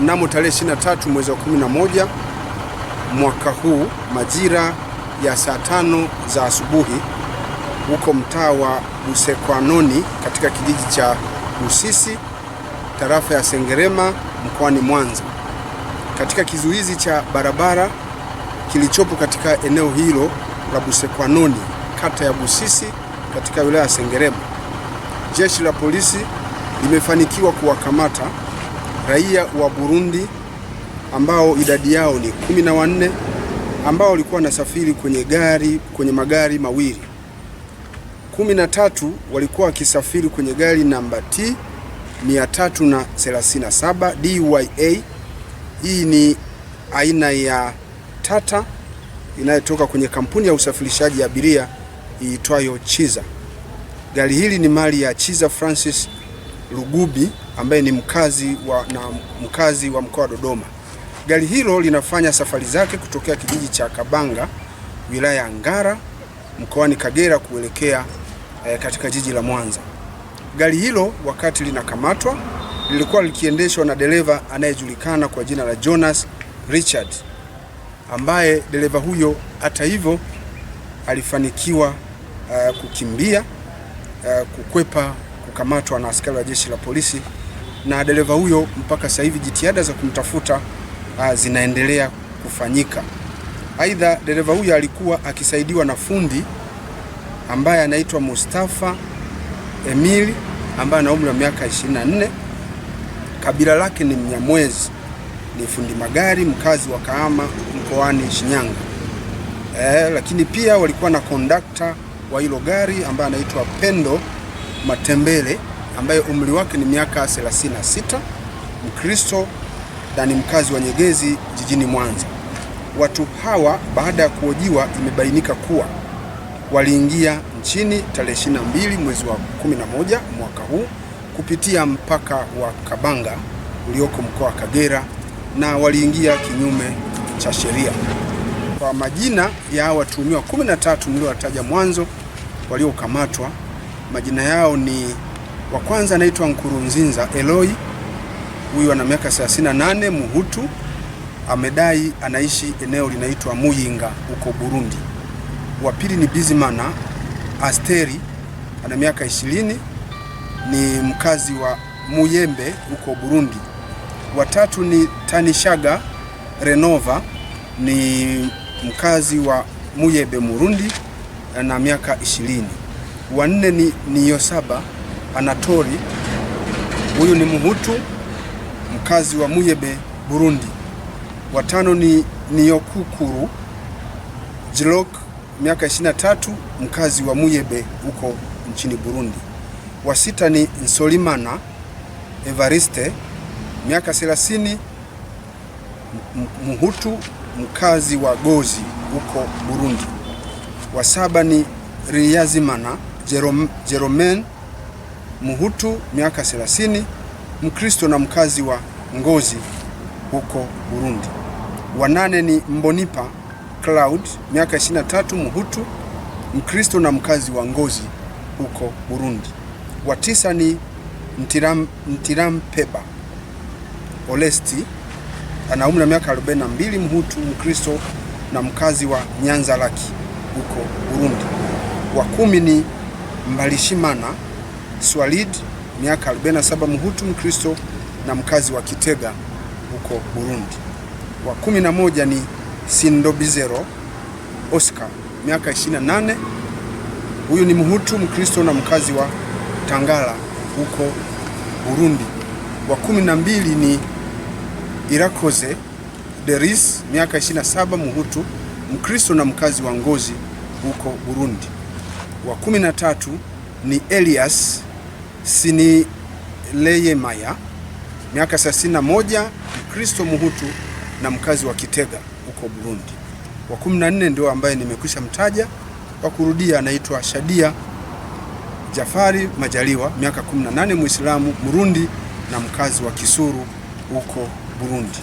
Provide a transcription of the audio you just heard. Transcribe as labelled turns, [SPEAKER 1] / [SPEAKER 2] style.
[SPEAKER 1] mnamo tarehe 23 mwezi wa 11 mwaka huu majira ya saa tano za asubuhi huko mtaa wa Busekwanoni katika kijiji cha Busisi tarafa ya Sengerema mkoani Mwanza katika kizuizi cha barabara kilichopo katika eneo hilo la Busekwanoni kata ya Busisi katika wilaya ya Sengerema, jeshi la polisi limefanikiwa kuwakamata raia wa Burundi ambao idadi yao ni kumi na wanne ambao walikuwa wanasafiri kwenye gari kwenye magari mawili. Kumi na tatu walikuwa wakisafiri kwenye gari namba T 337 DYA. Hii ni aina ya Tata inayotoka kwenye kampuni ya usafirishaji abiria iitwayo Chiza. Gari hili ni mali ya Chiza Francis Lugubi ambaye ni mkazi wa, na mkazi wa mkoa wa Dodoma. Gari hilo linafanya safari zake kutokea kijiji cha Kabanga wilaya ya Ngara mkoani Kagera kuelekea eh, katika jiji la Mwanza. Gari hilo wakati linakamatwa lilikuwa likiendeshwa na dereva anayejulikana kwa jina la Jonas Richard, ambaye dereva huyo hata hivyo alifanikiwa uh, kukimbia uh, kukwepa kukamatwa na askari wa jeshi la polisi na dereva huyo mpaka sasa hivi jitihada za kumtafuta uh, zinaendelea kufanyika. Aidha, dereva huyo alikuwa akisaidiwa na fundi ambaye anaitwa Mustafa Emili ambaye ana umri wa miaka 24, kabila lake ni Mnyamwezi, ni fundi magari mkazi wa Kahama mkoani Shinyanga. E, lakini pia walikuwa na kondakta wa hilo gari ambaye anaitwa Pendo Matembele ambaye umri wake ni miaka 36, Mkristo na ni mkazi wa Nyegezi jijini Mwanza. Watu hawa baada ya kuojiwa, imebainika kuwa waliingia nchini tarehe 22 mwezi wa 11 mwaka huu kupitia mpaka wa Kabanga ulioko mkoa wa Kagera na waliingia kinyume cha sheria. Kwa majina ya watuhumiwa 13 mliowataja mwanzo waliokamatwa, majina yao ni wa kwanza anaitwa nkurunzinza Eloi, huyu ana miaka 38, Muhutu, amedai anaishi eneo linaitwa Muyinga huko Burundi. Wa pili ni Bizimana Asteri, ana miaka 20, ni mkazi wa Muyembe huko Burundi. Wa tatu ni Tanishaga Renova, ni mkazi wa Muyebe Murundi na miaka ishirini Wa nne ni Niyosaba anatori huyu ni Mhutu mkazi wa Muyebe, Burundi. Watano ni Niyokukuru Jilok, miaka 23, mkazi wa Muyebe huko nchini Burundi. Wa sita ni Nsolimana Evariste, miaka 30, Mhutu mkazi wa Gozi huko Burundi. Wa saba ni Riyazimana Jerome Mhutu miaka 30, Mkristo na mkazi wa Ngozi huko Burundi. Wanane ni Mbonipa Cloud miaka 23, muhutu Mkristo na mkazi wa Ngozi huko Burundi. Wa tisa ni Mtiram, Mtirampeba Olesti ana umri wa miaka 42, Mhutu Mkristo na mkazi wa Nyanza Laki huko Burundi. Wa kumi ni Mbalishimana Swalid miaka 47 Mhutu Mkristo na mkazi wa Kitega huko Burundi. Wa kumi na moja ni Sindobizero Oscar miaka 28 huyu ni Mhutu Mkristo na mkazi wa Tangala huko Burundi. Wa kumi na mbili ni Irakoze Deris miaka 27 Mhutu Mkristo na mkazi wa Ngozi huko Burundi. Wa kumi na tatu ni Elias Sinileyemaya, miaka 61, Mkristo Muhutu na mkazi wa Kitega huko Burundi. Wa 14 ndio ambaye nimekwisha mtaja, kwa kurudia anaitwa Shadia Jafari Majaliwa, miaka 18, Muislamu burundi na mkazi wa Kisuru huko Burundi.